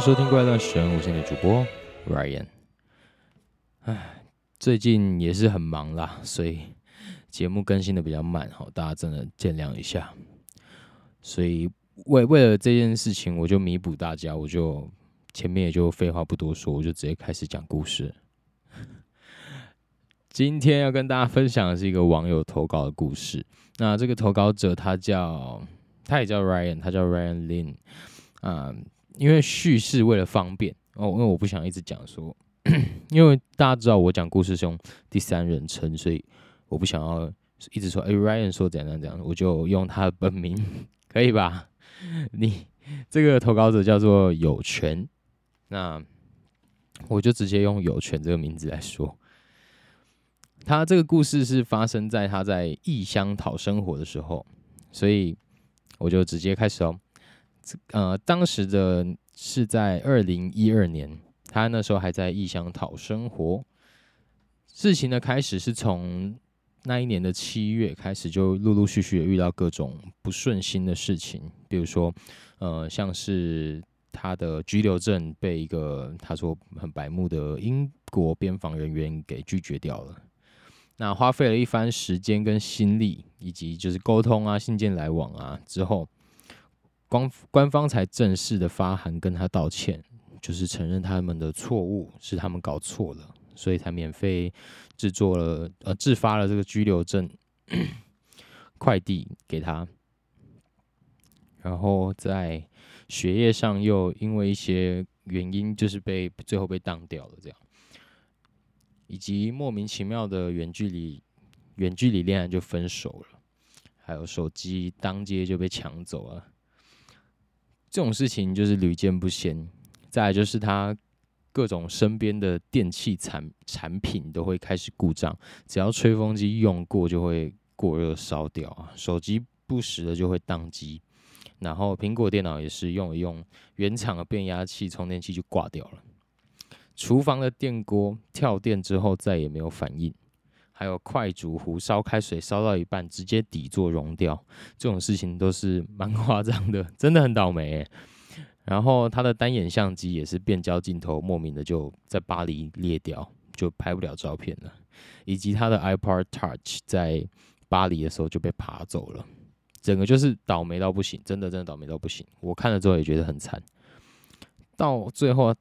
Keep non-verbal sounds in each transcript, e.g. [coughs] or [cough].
收聽怪誕神武線，我是你的主播 Ryan，唉，最近也是很忙啦，所以節目更新的比較慢，好，大家真的見諒一下。所以為為了這件事情，我就彌補大家，我就前面也就廢話不多說，我就直接開始講故事。今天要跟大家分享的是一個網友投稿的故事。那這個投稿者他叫，他也叫 Ryan，他叫 Ryan Lin，啊。因為敘事為了方便哦，因為我不想一直講說，因為大家知道我講故事是用第三人稱，所以我不想要一直說，哎，Ryan 說怎樣怎樣，我就用他的本名，可以吧？你這個投稿者叫做友荃，那我就直接用友荃這個名字來說。他這個故事是發生在他在異鄉討生活的時候，所以我就直接開始哦。呃，當時的是在二零一二年，他那時候還在異鄉討生活。事情的開始是從那一年的七月開始，就陸陸續續也遇到各種不順心的事情，比如說，呃，像是他的居留證被一個他說很白目的英國邊防人員給拒絕掉了，那花費了一番時間跟心力，以及就是溝通啊、信件來往啊之後。官官方才正式的發函跟他道歉，就是承認他們的錯誤，是他們搞錯了，所以才免費製作了呃，制發了這個拘留證 [coughs] 快遞給他，然後在學業上又因為一些原因，就是被最後被當掉了，這樣，以及莫名其妙的遠距離遠距離戀愛就分手了，還有手機當街就被搶走了。這種事情就是屢見不鮮，再來就是他各種身邊的電器產產品都會開始故障，只要吹風機用過就會過熱燒掉啊，手機不時的就會宕機，然後蘋果電腦也是用一用原廠的變壓器充電器就掛掉了，廚房的電鍋跳電之後再也沒有反應。還有快煮壺燒開水燒到一半，直接底座熔掉，這種事情都是蠻誇張的，真的很倒霉欸。然後他的單眼相機也是變焦鏡頭，莫名的就在巴黎裂掉，就拍不了照片了。以及他的 iPod Touch 在巴黎的時候就被扒走了，整個就是倒霉到不行，真的真的倒霉到不行。我看了之後也覺得很慘，到最後。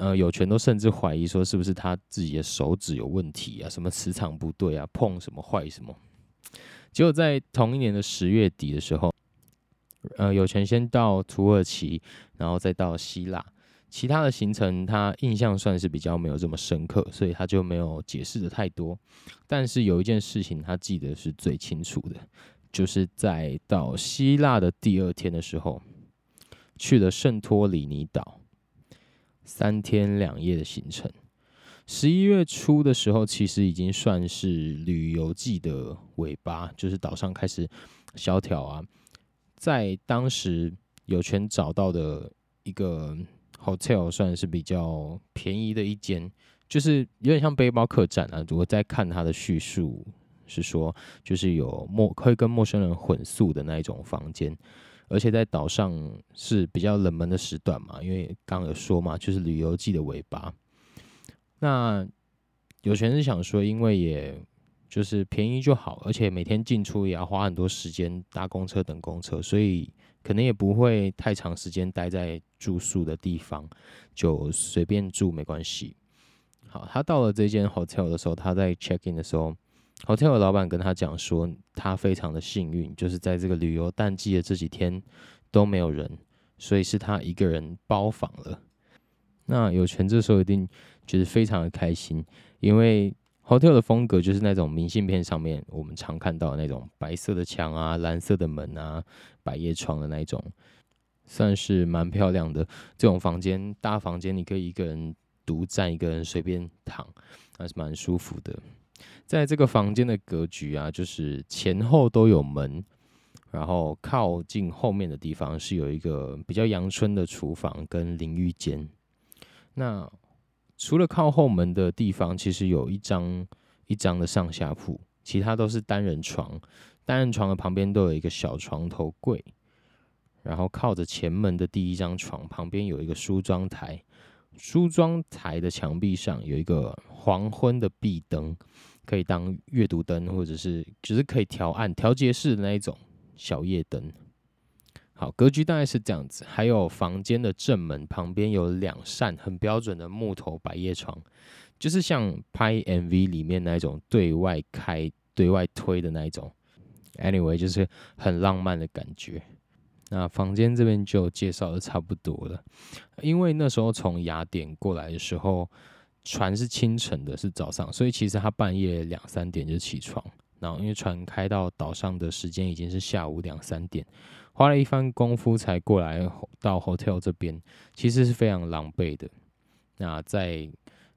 呃，友荃都甚至懷疑說，是不是他自己的手指有問題啊？什麼磁場不對啊？碰什麼壞什麼？結果在同一年的十月底的時候，呃，友荃先到土耳其，然後再到希臘，其他的行程他印象算是比較沒有這麼深刻，所以他就沒有解釋的太多。但是有一件事情他記得是最清楚的，就是在到希臘的第二天的時候，去了聖托里尼島。三天兩夜的行程，十一月初的時候，其實已經算是旅遊季的尾巴，就是島上開始蕭條啊。在當時友荃找到的一個 hotel，算是比較便宜的一間，就是有點像背包客棧啊。我在看他的敘述，是說就是有陌可以跟陌生人混宿的那一種房間。而且在島上是比較冷門的時段嘛，因為剛剛有說嘛，就是旅遊季的尾巴。那友荃是想說，因為也就是便宜就好，而且每天進出也要花很多時間搭公車等公車，所以可能也不會太長時間待在住宿的地方，就隨便住沒關係。好，他到了這間 hotel 的時候，他在 check in 的時候。hotel 的老闆跟他講說，他非常的幸運，就是在這個旅遊淡季的這幾天都沒有人，所以是他一個人包房了。那友荃這時候一定覺得非常的開心，因為 hotel 的風格就是那種明信片上面我們常看到的那種白色的牆啊、藍色的門啊、百葉窗的那種，算是蠻漂亮的。這種房間大房間，你可以一個人獨佔，一個人隨便躺，還是蠻舒服的。在這個房間的格局啊，就是前後都有門，然後靠近後面的地方是有一個比較陽春的廚房跟淋浴間。那除了靠後門的地方，其實有一張一張的上下鋪，其他都是單人床。單人床的旁邊都有一個小床頭櫃，然後靠着前門的第一張床旁邊有一個梳妝台，梳妝台的牆壁上有一個。黃昏的壁燈可以當閱讀燈，或者是只是可以調暗調節式的那一種小夜燈。好，格局大概是這樣子。還有房間的正門旁邊有兩扇很標準的木頭百葉窗，就是像拍 MV 裡面那種對外開、對外推的那一種。Anyway，就是很浪漫的感覺。那房間這邊就介紹的差不多了。因為那時候從雅典過來的時候。船是清晨的，是早上，所以其實他半夜兩三點就起床，然後因為船開到島上的時間已經是下午兩三點，花了一番功夫才過來到 hotel 這邊，其實是非常狼狽的。那在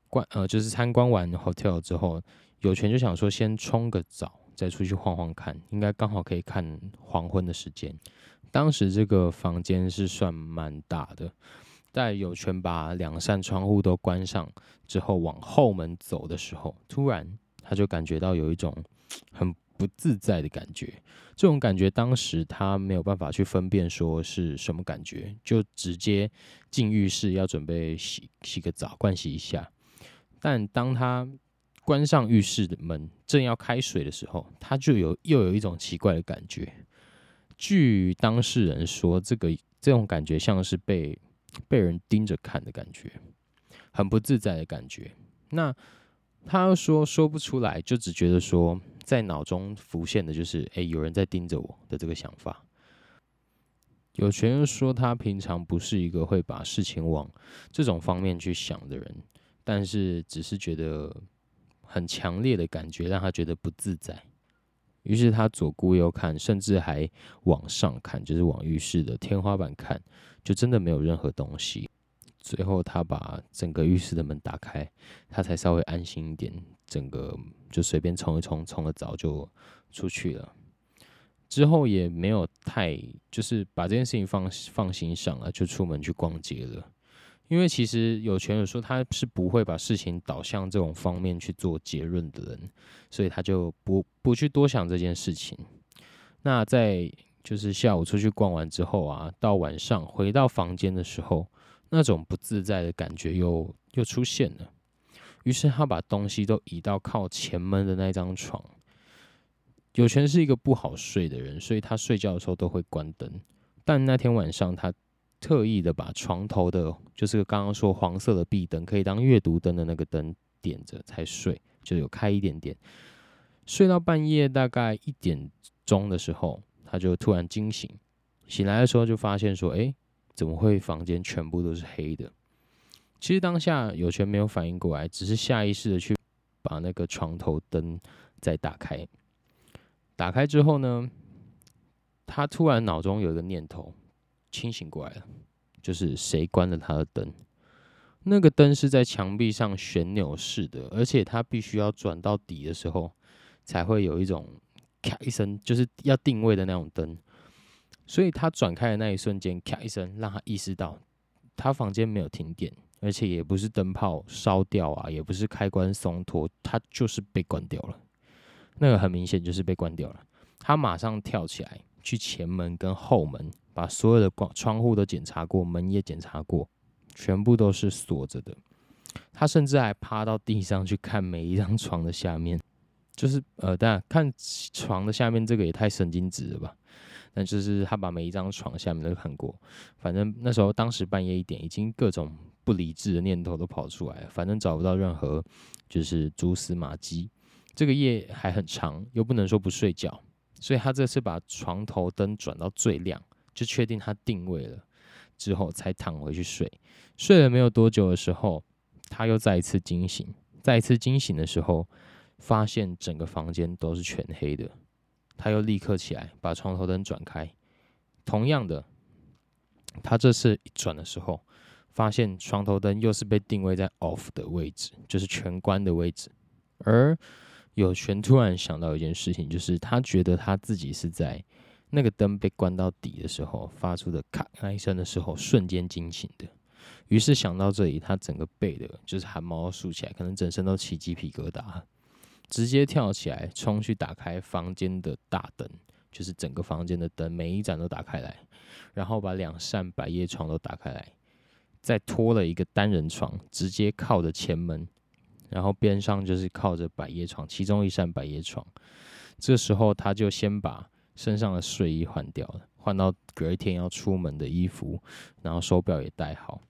觀，呃，就是參觀完 hotel 之後，友荃就想說先沖個澡，再出去晃晃看，應該剛好可以看黃昏的時間。當時這個房間是算蠻大的。在友荃把兩扇窗戶都關上之後，往後門走的時候，突然他就感覺到有一種很不自在的感覺。這種感覺當時他沒有辦法去分辨說是什麼感覺，就直接進浴室要準備洗洗個澡，盥洗一下。但當他關上浴室的門，正要開水的時候，他就有又有一種奇怪的感覺。據當事人說，這個這種感覺像是被……被人盯着看的感覺，很不自在的感覺。那他說說不出來，就只覺得說在腦中浮現的就是，誒、欸，有人在盯着我的這個想法。友荃說，他平常不是一個會把事情往這種方面去想的人，但是只是覺得很強烈的感覺，讓他覺得不自在。於是他左顧右看，甚至還往上看，就是往浴室的天花板看。就真的沒有任何東西，最後他把整個浴室的門打開，他才稍微安心一點，整個就隨便沖一沖沖了澡就出去了。之後也沒有太就是把這件事情放放心上了，就出門去逛街了。因為其實友荃說他是不會把事情導向這種方面去做結論的人，所以他就不不去多想這件事情。那在。就是下午出去逛完之後啊，到晚上回到房間的時候，那種不自在的感覺又又出現了。於是他把東西都移到靠前門的那張床。友荃是一個不好睡的人，所以他睡覺的時候都會關燈。但那天晚上，他特意的把床頭的，就是剛剛說黃色的壁燈，可以當閱讀燈的那個燈點着才睡，就有開一點點。睡到半夜大概一點鐘的時候。他就突然驚醒，醒來的時候就發現說：“誒、欸，怎麼會房間全部都是黑的？”其實當下友荃沒有反應過來，只是下意識的去把那個床頭燈再打開。打開之後呢，他突然腦中有一個念頭，清醒過來了，就是誰關了他的燈？那個燈是在牆壁上旋鈕式的，而且他必須要轉到底的時候，才會有一種。咔一聲，就是要定位的那種燈，所以他轉開的那一瞬間，咔一聲，讓他意識到他房間沒有停電，而且也不是燈泡燒掉啊，也不是開關鬆脫，他就是被關掉了。那個很明顯就是被關掉了。他馬上跳起來，去前門跟後門，把所有的關窗戶都檢查過，門也檢查過，全部都是鎖着的。他甚至還趴到地上去看每一張床的下面。就是呃，大家看床的下面這個也太神經質了吧？但就是他把每一張床下面都看過。反正那時候當時半夜一點，已經各種不理智的念頭都跑出來了，反正找不到任何就是蛛絲馬跡。這個夜還很長，又不能說不睡覺，所以他這次把床頭燈轉到最亮，就確定他定位了之後才躺回去睡。睡了沒有多久的時候，他又再一次驚醒。再一次驚醒的時候。發現整個房間都是全黑的，他又立刻起來把床頭燈轉開。同樣的，他這次一轉的時候，發現床頭燈又是被定位在 off 的位置，就是全關的位置。而友荃突然想到一件事情，就是他覺得他自己是在那個燈被關到底的時候發出的咔咔一聲的時候瞬間驚醒的。於是想到這裡，他整個背的就是汗毛都豎起來，可能整身都起雞皮疙瘩。直接跳起來衝去打開房間的大燈，就是整個房間的燈，每一盞都打開來，然後把兩扇百葉窗都打開來，再拖了一個單人床，直接靠着前門，然後邊上就是靠着百葉窗其中一扇百葉窗。這時候他就先把身上的睡衣換掉了，換到隔一天要出門的衣服，然後手錶也戴好。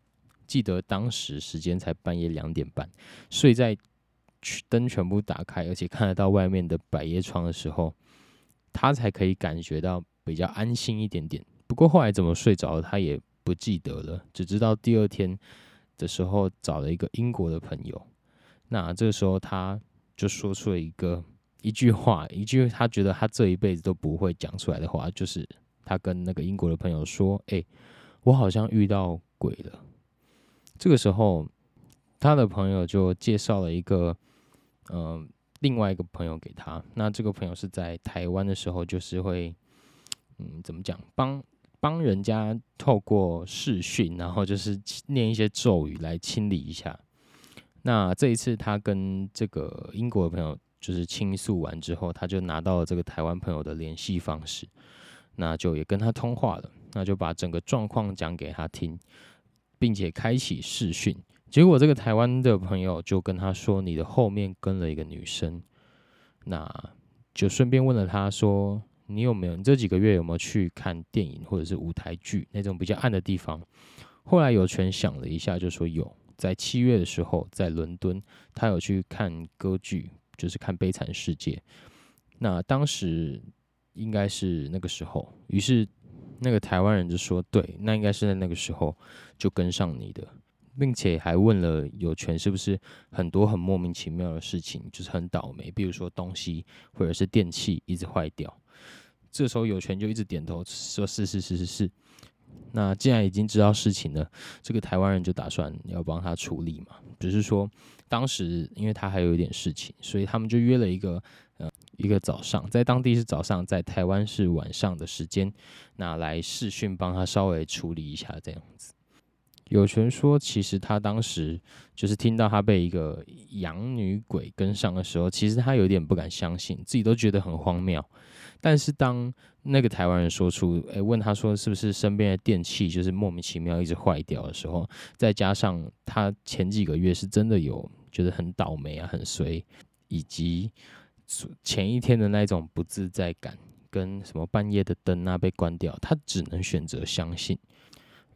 記得當時時間才半夜兩點半，睡在。燈全部打開，而且看得到外面的百葉窗的時候，他才可以感覺到比較安心一點點。不過後來怎麼睡着他也不記得了，只知道第二天的時候找了一個英國的朋友。那這個時候他就說出了一個一句話，一句他覺得他這一輩子都不會講出來的話，就是他跟那個英國的朋友說：“哎、欸，我好像遇到鬼了。”這個時候，他的朋友就介紹了一個。嗯、呃，另外一個朋友給他，那這個朋友是在台灣的時候，就是會，嗯，怎麼講，幫幫人家透過視訊，然後就是念一些咒語來清理一下。那這一次他跟這個英國的朋友就是傾訴完之後，他就拿到了這個台灣朋友的聯繫方式，那就也跟他通話了，那就把整個狀況講給他聽，並且開啟視訊。結果，這個台灣的朋友就跟他說：“你的後面跟了一個女生。”那就順便問了他說：“你有沒有你這幾個月有沒有去看電影或者是舞台劇那種比較暗的地方？”後來友荃想了一下，就說有。在七月的時候，在倫敦，他有去看歌劇，就是看《悲慘世界》。那當時應該是那個時候，於是那個台灣人就說：“對，那應該是在那個時候就跟上你的。”並且還問了友荃是不是很多很莫名其妙的事情，就是很倒霉，比如說東西或者是電器一直壞掉。這時候友荃就一直點頭說：“是是是是是。”那既然已經知道事情了，這個台灣人就打算要幫他處理嘛。只、就是說當時因為他還有一點事情，所以他們就約了一個呃一個早上，在當地是早上，在台灣是晚上的時間，那來視訊幫他稍微處理一下這樣子。友荃說，其實他當時就是聽到他被一個洋女鬼跟上的時候，其實他有點不敢相信，自己都覺得很荒謬。但是當那個台灣人說出，哎、欸，問他說是不是身邊的電器就是莫名其妙一直壞掉的時候，再加上他前幾個月是真的有覺得很倒霉啊、很衰，以及前一天的那種不自在感，跟什麼半夜的燈啊被關掉，他只能選擇相信。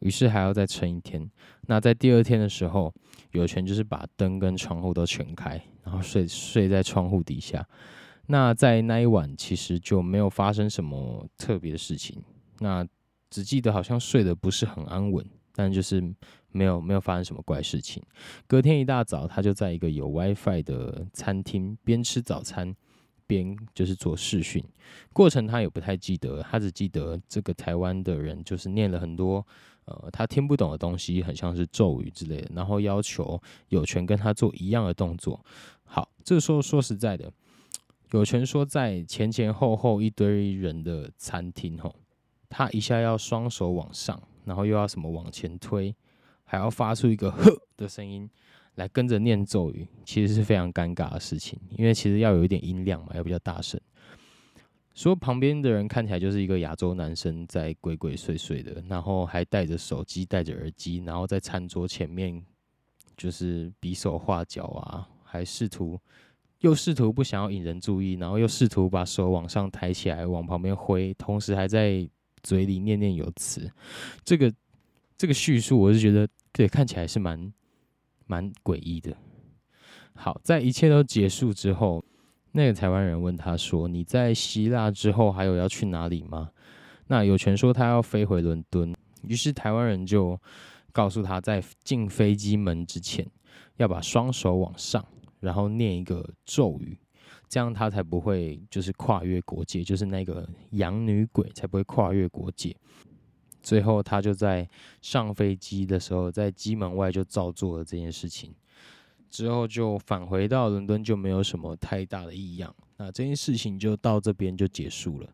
於是還要再撐一天。那在第二天的時候，友荃就是把燈跟窗戶都全開，然後睡睡在窗戶底下。那在那一晚，其實就沒有發生什麼特別的事情。那只記得好像睡得不是很安穩，但就是沒有沒有發生什麼怪事情。隔天一大早，他就在一個有 WiFi 的餐廳邊吃早餐邊就是做視訊，過程他也不太記得，他只記得這個台灣的人就是念了很多。呃，他聽不懂的東西，很像是咒語之類的，然後要求友荃跟他做一樣的動作。好，這時候說實在的，友荃說在前前後後一堆人的餐廳吼，他一下要雙手往上，然後又要什麼往前推，還要發出一個呵的聲音來跟着念咒語，其實是非常尷尬的事情，因為其實要有一點音量嘛，要比較大聲。說旁邊的人看起來就是一個亞洲男生在鬼鬼祟祟的，然後還帶着手機、帶着耳機，然後在餐桌前面就是比手畫腳啊，還試圖又試圖不想要引人注意，然後又試圖把手往上抬起來往旁邊揮，同時還在嘴裡念念有詞。這個這個敘述我是覺得對，看起來是蠻蠻詭異的。好，在一切都結束之後。那個台灣人問他說：“你在希臘之後還有要去哪裡嗎？”那友荃說他要飛回倫敦。於是台灣人就告訴他，在進飛機門之前要把雙手往上，然後念一個咒語，這樣他才不會就是跨越國界，就是那個洋女鬼才不會跨越國界。最後他就在上飛機的時候，在機門外就照做了這件事情。之後就返回到倫敦，就沒有什麼太大的異樣。那這件事情就到這邊就結束了。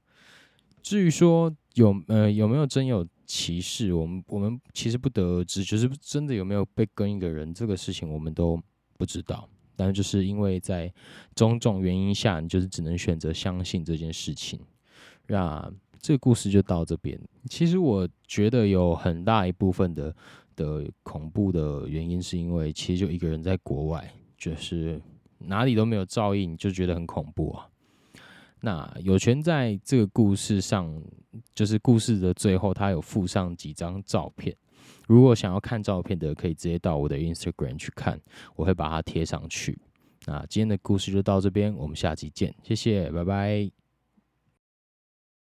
至於說有呃有沒有真有其事，我們我們其實不得而知，就是真的有沒有被跟一個人這個事情我們都不知道。但就是因為在種種原因下，你就是只能選擇相信這件事情。那這個故事就到這邊。其實我覺得有很大一部分的。的恐怖的原因是因為其實就一個人在國外，就是哪裡都沒有照應，就覺得很恐怖啊。那友荃在這個故事上，就是故事的最後，他有附上幾張照片。如果想要看照片的，可以直接到我的 Instagram 去看，我會把它貼上去。那今天的故事就到這邊，我們下期見，謝謝，拜拜。